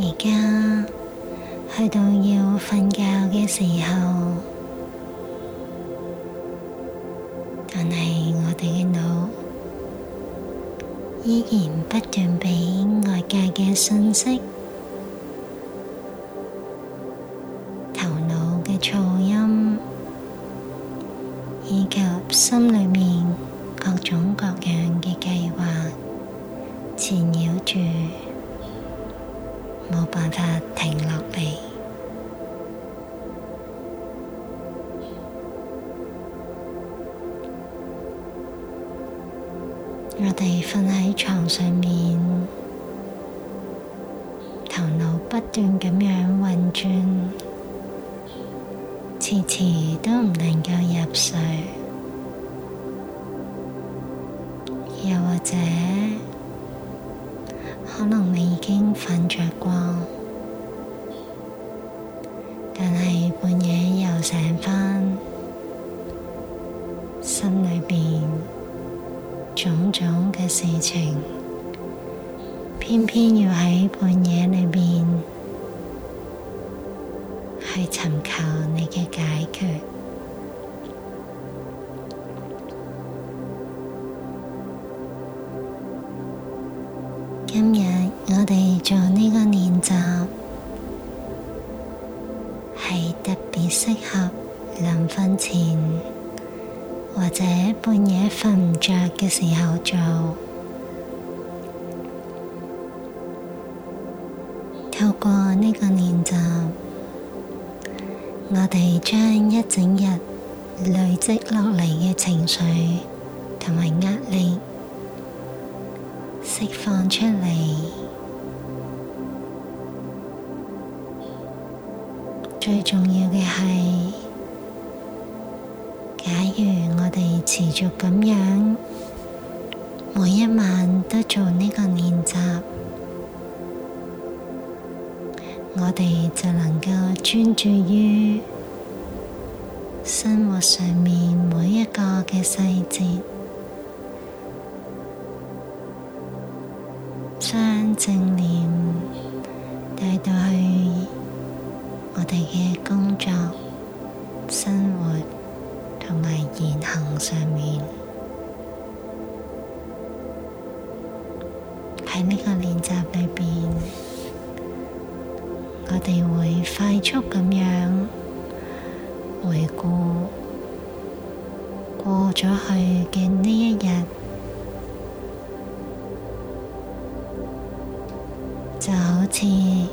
而家去到要瞓覺嘅時候，但係我哋嘅腦依然不斷俾外界嘅信息，頭腦嘅噪音以及心裏面各種各樣嘅計劃纏繞住。辦法停落嚟，我哋瞓喺床上面，頭腦不斷咁樣運轉，遲遲都唔能夠入睡，又或者。可能你已經瞓着過，但係半夜又醒翻，心裏邊種種嘅事情，偏偏要喺半夜裏邊，去尋求你嘅解決。今日。做呢個練習係特別適合臨瞓前或者半夜瞓唔着嘅時候做。透過呢個練習，我哋將一整日累積落嚟嘅情緒同埋壓力釋放出嚟。最重要嘅係，假如我哋持續咁樣，每一晚都做呢個練習，我哋就能夠專注於生活上面每一個嘅細節，將正念帶到去。我哋嘅工作、生活同埋言行上面，喺呢個練習裏邊，我哋會快速咁樣回顧過咗去嘅呢一日，就好似。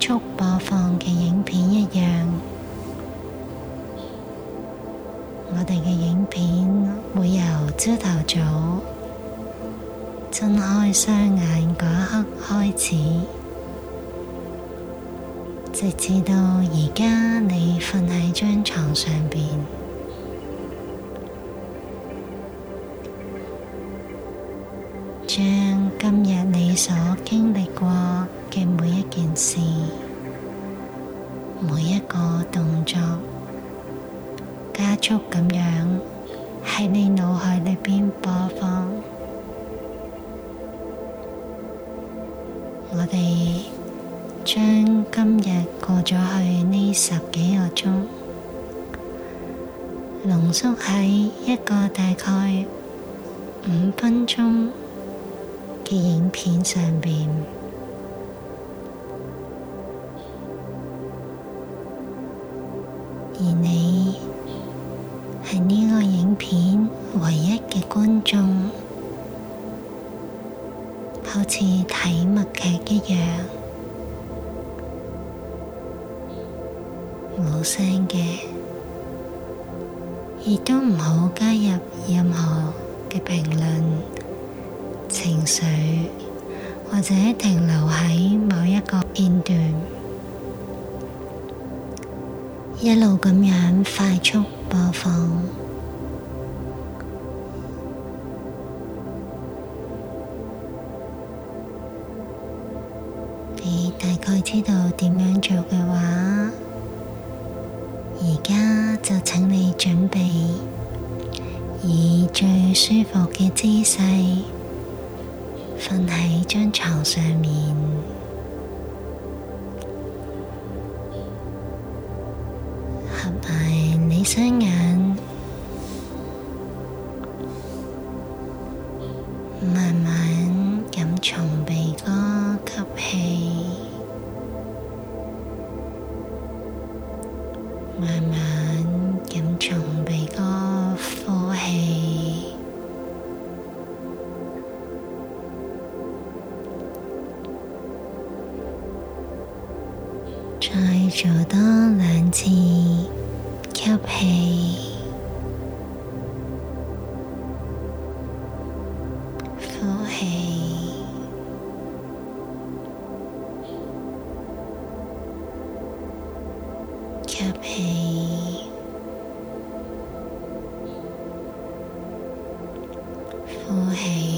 速播放嘅影片一樣，我哋嘅影片會由朝頭早睜開雙眼嗰一刻開始，直至到而家你瞓喺張床上邊，將今日你所經歷過，縮喺一個大概五分鐘嘅影片上邊。情緒或者停留喺某一個片段，一路咁樣快速播放。你大概知道點樣做嘅話，而家就請你準備，以最舒服嘅姿勢。瞓喺張床上面，合埋你雙眼，慢慢咁從鼻哥吸氣，慢慢。做多兩次吸氣、呼氣、吸氣、呼氣。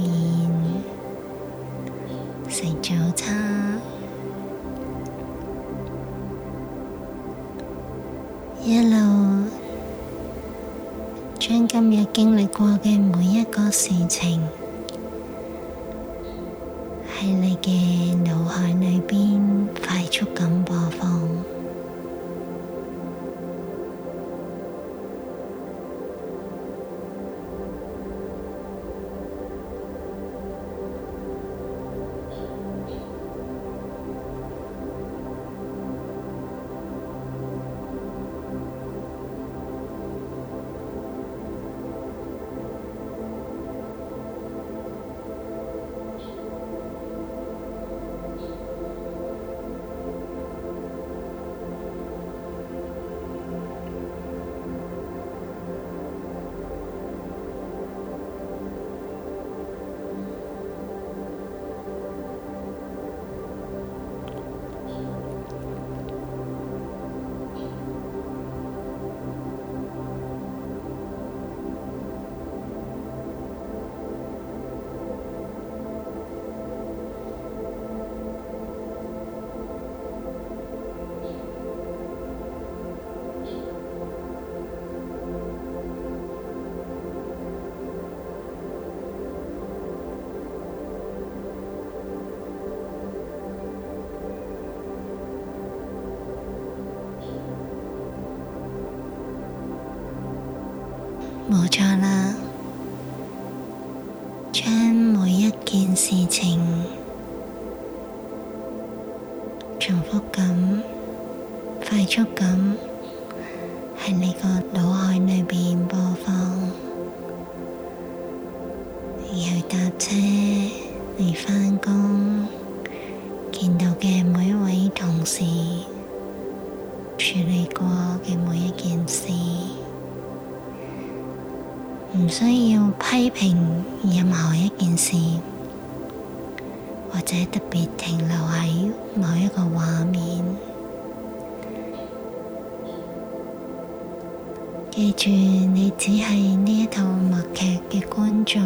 食早餐，一路將今日經歷過嘅每一個事情喺你嘅腦海裏邊快速咁播放。冇錯啦，將每一件事情重複咁、快速咁喺你個腦海裏邊播放，而去搭車嚟返工見到嘅每一位同事。唔需要批評任何一件事，或者特別停留喺某一個畫面。記住，你只係呢一套默劇嘅觀眾，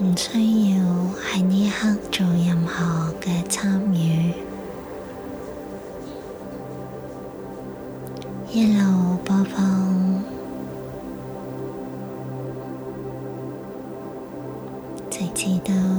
唔需要喺呢一刻做任何嘅參與。一路播放，直至到。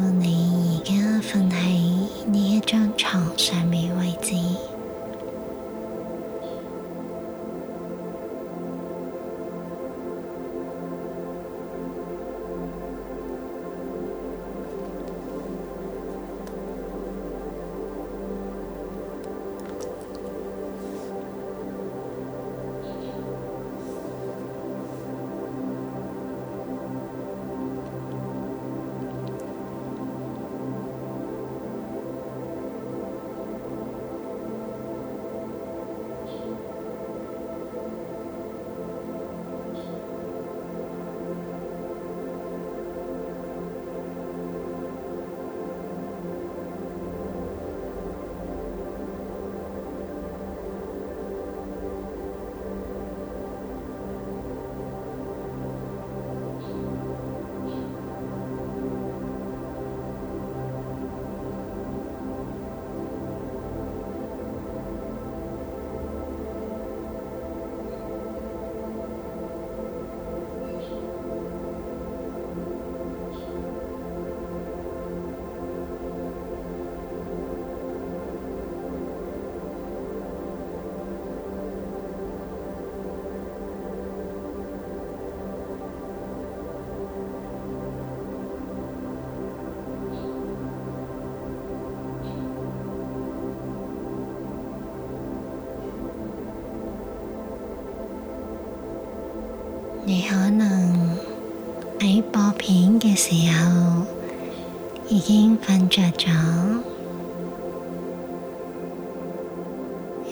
你可能喺播片嘅時候已經瞓着咗。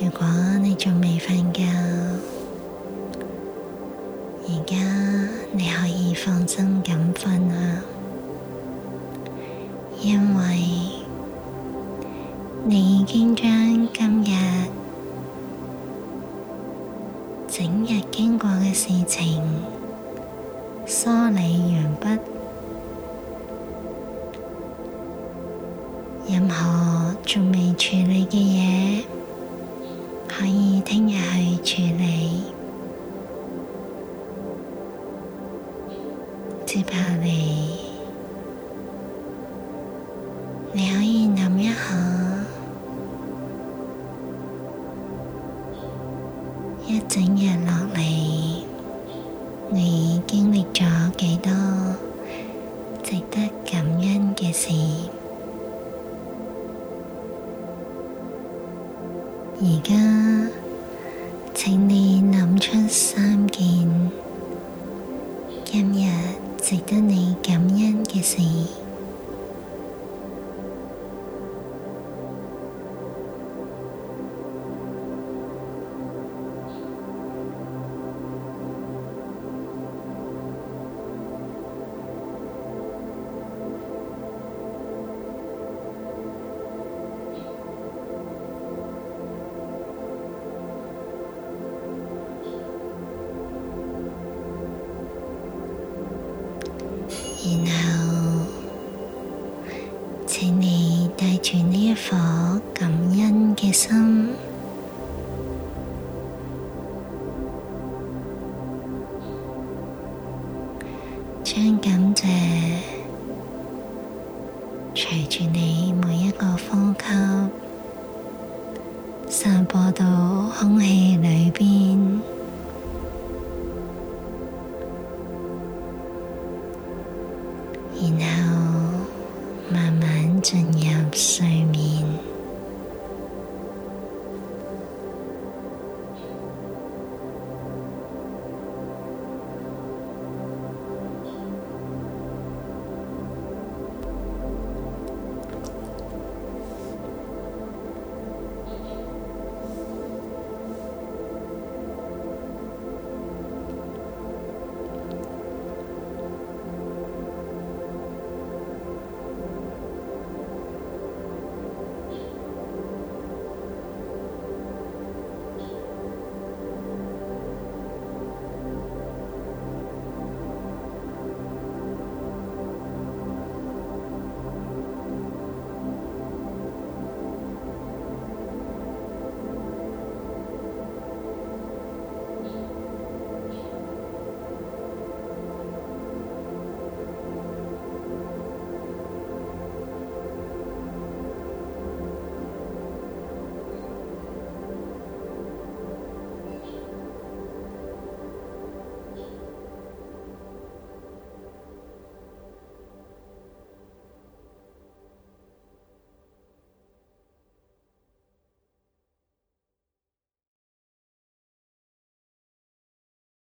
如果你仲未瞓覺，而家你可以放心咁瞓啦，因為你已經將今日整日經過嘅事情。一整日落嚟，你經歷咗幾多值得感恩嘅事？而家，請你帶住呢一顆感恩嘅心。進入睡。